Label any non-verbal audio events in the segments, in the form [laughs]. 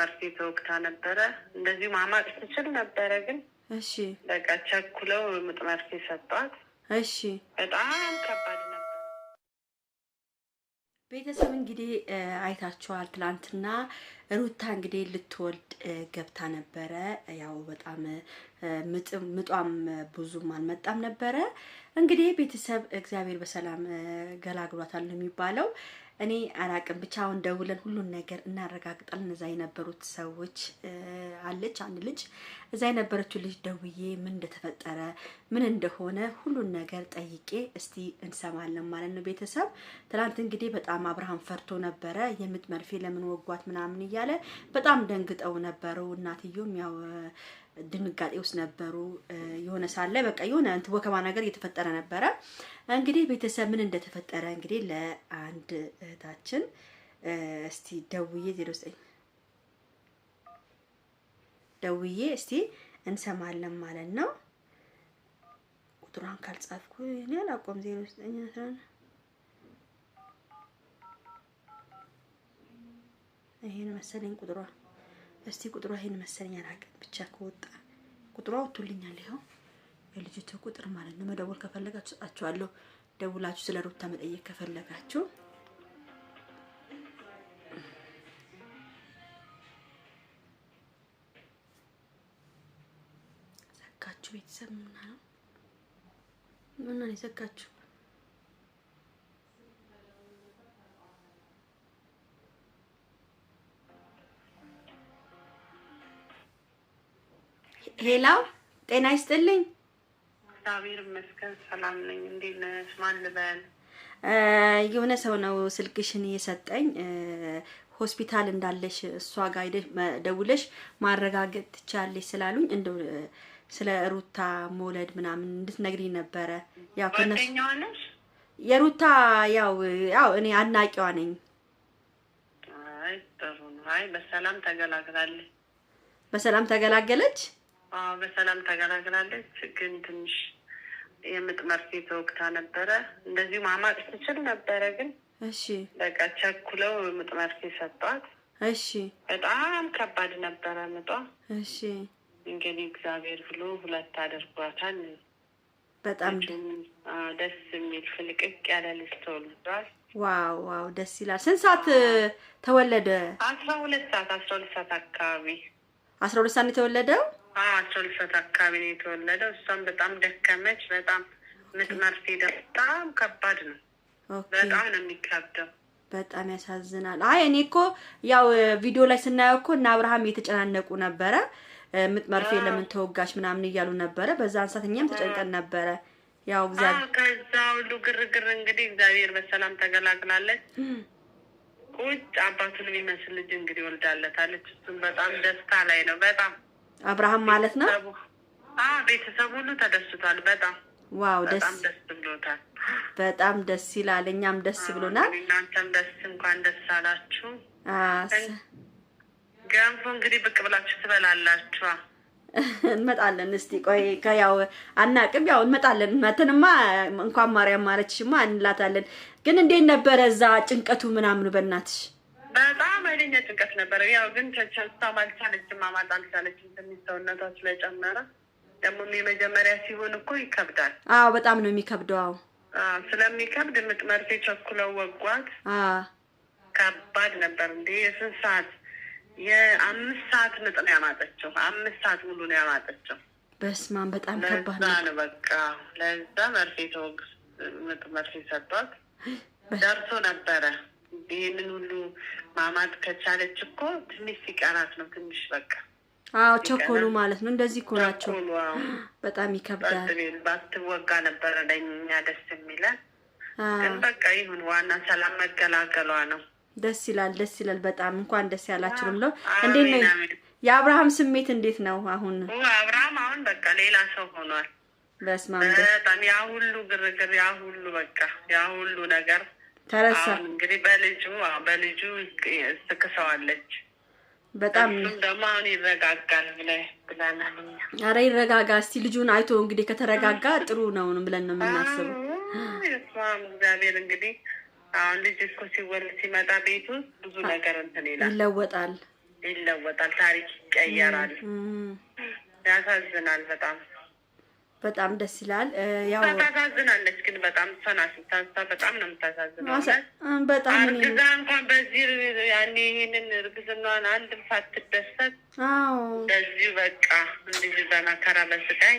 መርፌ ተወግታ ነበረ። እንደዚሁ ማማቅ ስችል ነበረ ግን እሺ፣ በቃ ቸኩለው ምጥ መርፌ ሰጧት። እሺ፣ በጣም ከባድ ነበር። ቤተሰብ እንግዲህ አይታችኋል። ትላንትና ሩታ እንግዲህ ልትወልድ ገብታ ነበረ። ያው በጣም ምጧም ብዙም አልመጣም ነበረ። እንግዲህ ቤተሰብ እግዚአብሔር በሰላም ገላግሏታል ነው የሚባለው። እኔ አላቅም ብቻ አሁን ደውለን ሁሉን ነገር እናረጋግጣለን። እዛ የነበሩት ሰዎች አለች አንድ ልጅ እዛ የነበረችው ልጅ ደውዬ ምን እንደተፈጠረ ምን እንደሆነ ሁሉን ነገር ጠይቄ እስቲ እንሰማለን ማለት ነው። ቤተሰብ ትናንት እንግዲህ በጣም አብርሃም ፈርቶ ነበረ። የምጥ መርፌ ለምን ወጓት ምናምን እያለ በጣም ደንግጠው ነበሩ። እናትዮም ያው ድንጋጤ ውስጥ ነበሩ። የሆነ ሳለ በቃ የሆነ ወከማ ነገር እየተፈጠረ ነበረ። እንግዲህ ቤተሰብ ምን እንደተፈጠረ እንግዲህ ለአንድ እህታችን እስቲ ደውዬ ዜሮ ዘጠኝ ደውዬ እስቲ እንሰማለን ማለት ነው። ቁጥሯን ካልጻፍኩ እኔ አላቆም ዜሮ ዘጠኝ ይሄን መሰለኝ ቁጥሯ። እስቲ ቁጥሯ ይሄን መሰለኝ አላውቅም፣ ብቻ ከወጣ ቁጥሯ ወጥቶልኛል ይኸው በልጅቱ ቁጥር ማለት ነው። መደወል ከፈለጋችሁ ሰጣችኋለሁ። ደውላችሁ ስለ ሩታ መጠየቅ ከፈለጋችሁ ዘጋችሁ። ቤተሰብ ምና ነው ምና ነው የዘጋችሁ? ሄላው ጤና ይስጥልኝ። እግዚአብሔር ይመስገን ሰላም ነኝ። እንዴት ነሽ? ማን ልበል? የሆነ ሰው ነው ስልክሽን የሰጠኝ ሆስፒታል እንዳለሽ እሷ ጋር ደውለሽ ማረጋገጥ ትችያለሽ ስላሉኝ እንደው ስለ ሩታ መውለድ ምናምን እንድትነግሪኝ ነበረ። ያው ከነሱ የሩታ ያው ያው እኔ አድናቂዋ ነኝ። አይ ጥሩ ነው። አይ በሰላም ተገላግላለች። በሰላም ተገላገለች። በሰላም ተገላግላለች። ግን ትንሽ የምጥመር ሴት ወቅታ ነበረ። እንደዚሁ ማማቅ ትችል ነበረ። ግን እሺ በቃ ቸኩለው ምጥመር ሴት ሰጧት። እሺ በጣም ከባድ ነበረ ምጧ። እሺ እንግዲህ እግዚአብሔር ብሎ ሁለት አድርጓታል። በጣም ደስ የሚል ፍልቅቅ ያለ ልጅ ተወልዷል። ዋው ዋው፣ ደስ ይላል። ስንት ሰዓት ተወለደ? አስራ ሁለት ሰዓት አስራ ሁለት ሰዓት አካባቢ አስራ ሁለት ሰዓት ነው የተወለደው። አስራ ሁለት ሰዓት አካባቢ ነው የተወለደው። እሷም በጣም ደከመች። በጣም ምጥ መርፌ በጣም ከባድ ነው። በጣም ነው የሚከብደው። በጣም ያሳዝናል። አይ እኔ እኮ ያው ቪዲዮ ላይ ስናየው እኮ እና አብርሃም የተጨናነቁ ነበረ። ምጥ መርፌ ለምን ተወጋሽ ምናምን እያሉ ነበረ። በዛ አንሳት እኛም ተጨንቀን ነበረ። ያው ከዛ ሁሉ ግርግር እንግዲህ እግዚአብሔር በሰላም ተገላግላለች። ቁጭ አባቱን የሚመስል ልጅ እንግዲህ ወልዳለታለች። እሱም በጣም ደስታ ላይ ነው። በጣም አብርሃም ማለት ነው። ቤተሰብ ሁሉ ተደስቷል። በጣም ዋው፣ ደስ ብሎታል። በጣም ደስ ይላል። እኛም ደስ ብሎናል። እናንተም ደስ እንኳን ደስ አላችሁ። ገንፎ እንግዲህ ብቅ ብላችሁ ትበላላችኋ [laughs] እንመጣለን። እስቲ ቆይ ከያው አናቅም፣ ያው እንመጣለን። መተንማ እንኳን ማርያም ማለችሽማ እንላታለን። ግን እንዴት ነበረ እዛ ጭንቀቱ ምናምኑ? በእናትሽ በጣም ኃይለኛ ጭንቀት ነበረ። ያው ግን ተቻልታ አልቻለችም፣ ማማጥ አልቻለችም። ሰውነቷ ስለጨመረ ደግሞ የመጀመሪያ ሲሆን እኮ ይከብዳል። አዎ በጣም ነው የሚከብደው። አዎ ስለሚከብድ ምጥ መርፌ ቸኩለው ወጓት። ከባድ ነበር እንዴ! የስንት ሰዓት የአምስት ሰዓት ምጥ ነው ያማጠችው። አምስት ሰዓት ሙሉ ነው ያማጠችው። በስማን በጣም ከባድ ነው። በቃ ለዛ መርፌ ተወግስ ምጥ መርፌ ሰጧት። ደርሶ ነበረ። ይህንን ሁሉ ማማጥ ከቻለች እኮ ትንሽ ሲቀራት ነው ትንሽ በቃ አዎ ቸኮሉ ማለት ነው። እንደዚህ እኮ ናቸው። በጣም ይከብዳል። ባትወጋ ነበረ ለእኛ ደስ የሚለን፣ ግን በቃ ይሁን ዋና ሰላም መገላገሏ ነው። ደስ ይላል፣ ደስ ይላል። በጣም እንኳን ደስ ያላችሁም ነው። እንዴት ነው የአብርሃም ስሜት እንዴት ነው አሁን? አብርሃም አሁን በቃ ሌላ ሰው ሆኗል። በስማም በጣም ያ ሁሉ ግርግር፣ ያ ሁሉ በቃ ያ ሁሉ ነገር ተረሳ። እንግዲህ በልጁ በልጁ ትክሰዋለች። በጣም ደግሞ አሁን ይረጋጋል ብለናል። አረ ይረጋጋ እስቲ ልጁን አይቶ እንግዲህ ከተረጋጋ ጥሩ ነው ብለን ነው የምናስበው። ስማም እግዚአብሔር እንግዲህ አሁን ልጅ እኮ ሲወለድ ሲመጣ ቤት ውስጥ ብዙ ነገር እንትን ይላል፣ ይለወጣል፣ ይለወጣል፣ ታሪክ ይቀየራል። ያሳዝናል። በጣም በጣም ደስ ይላል። ያው ታሳዝናለች፣ ግን በጣም ሰና ስታንሳ በጣም ነው የምታሳዝነው። በጣም እርግዛ እንኳን በዚህ ያኔ ይህንን እርግዝናዋን አንድም ሳትደሰት በዚሁ በቃ እንዲህ በመከራ በስቃይ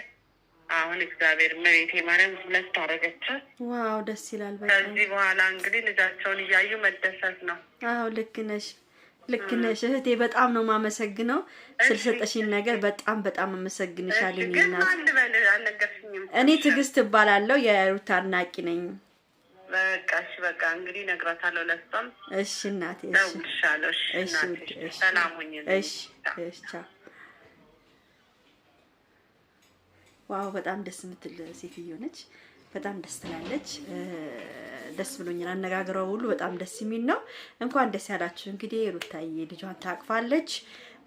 አሁን እግዚአብሔር እመቤቴ ማርያም ሁለት አደረገቻት። ዋው ደስ ይላል። ከዚህ በኋላ እንግዲህ ልጃቸውን እያዩ መደሰት ነው። አዎ ልክ ነሽ፣ ልክ ነሽ እህቴ። በጣም ነው የማመሰግነው ስለሰጠሽኝ ነገር በጣም በጣም አመሰግንሻለሁ። ግን ማን አልነገርሽኝም። እኔ ትዕግስት እባላለሁ የሩት አድናቂ ነኝ። በቃሽ በቃ እንግዲህ እነግራታለሁ ለእሷም። እሺ እናቴ፣ እሺ፣ እሺ፣ እሺ፣ እሺ፣ እሺ፣ እሺ፣ እሺ፣ እሺ፣ እሺ ዋው በጣም ደስ የምትል ሴትዮ ነች። በጣም ደስ ትላለች። ደስ ብሎኛል። አነጋገሯ ሁሉ በጣም ደስ የሚል ነው። እንኳን ደስ ያላችሁ። እንግዲህ ሩታዬ ልጇን ታቅፋለች።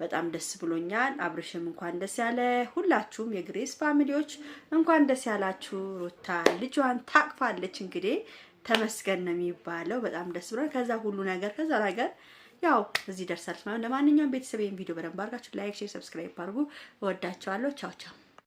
በጣም ደስ ብሎኛል። አብርሽም እንኳን ደስ ያለ። ሁላችሁም የግሬስ ፋሚሊዎች እንኳን ደስ ያላችሁ። ሩታ ልጇን ታቅፋለች። እንግዲህ ተመስገን ነው የሚባለው። በጣም ደስ ብሎ ከዛ ሁሉ ነገር ከዛ ነገር ያው እዚህ ደርሳለች ማለት። ለማንኛውም ቤተሰብ ቪዲዮ በደንብ አድርጋችሁ ላይክ፣ ሼር፣ ሰብስክራይብ አድርጉ። እወዳቸዋለሁ። ቻው ቻው